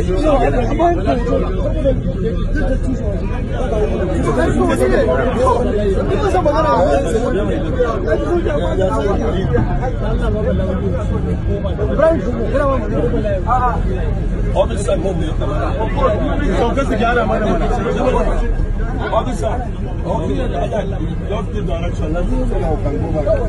Office sir, office से क्या हमारे Office sir, office, dört bir araç var.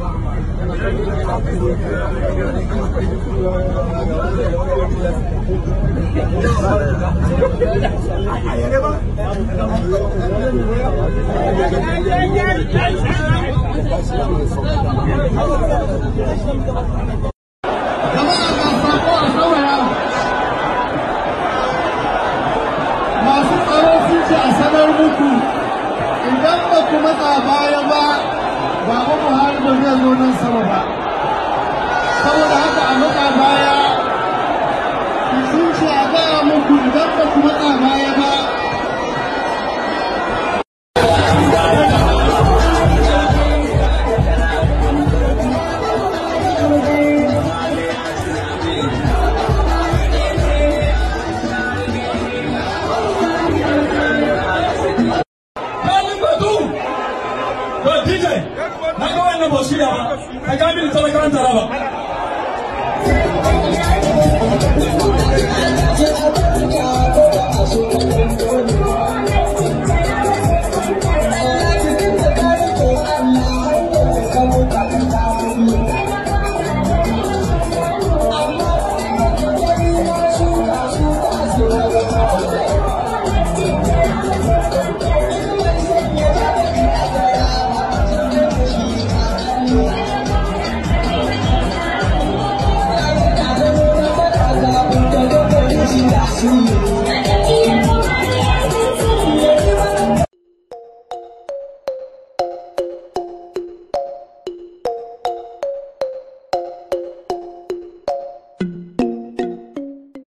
Gel gel gel gel. to DJ na ga wannan ba shirya ba ka ga mini talakawan taraba to you.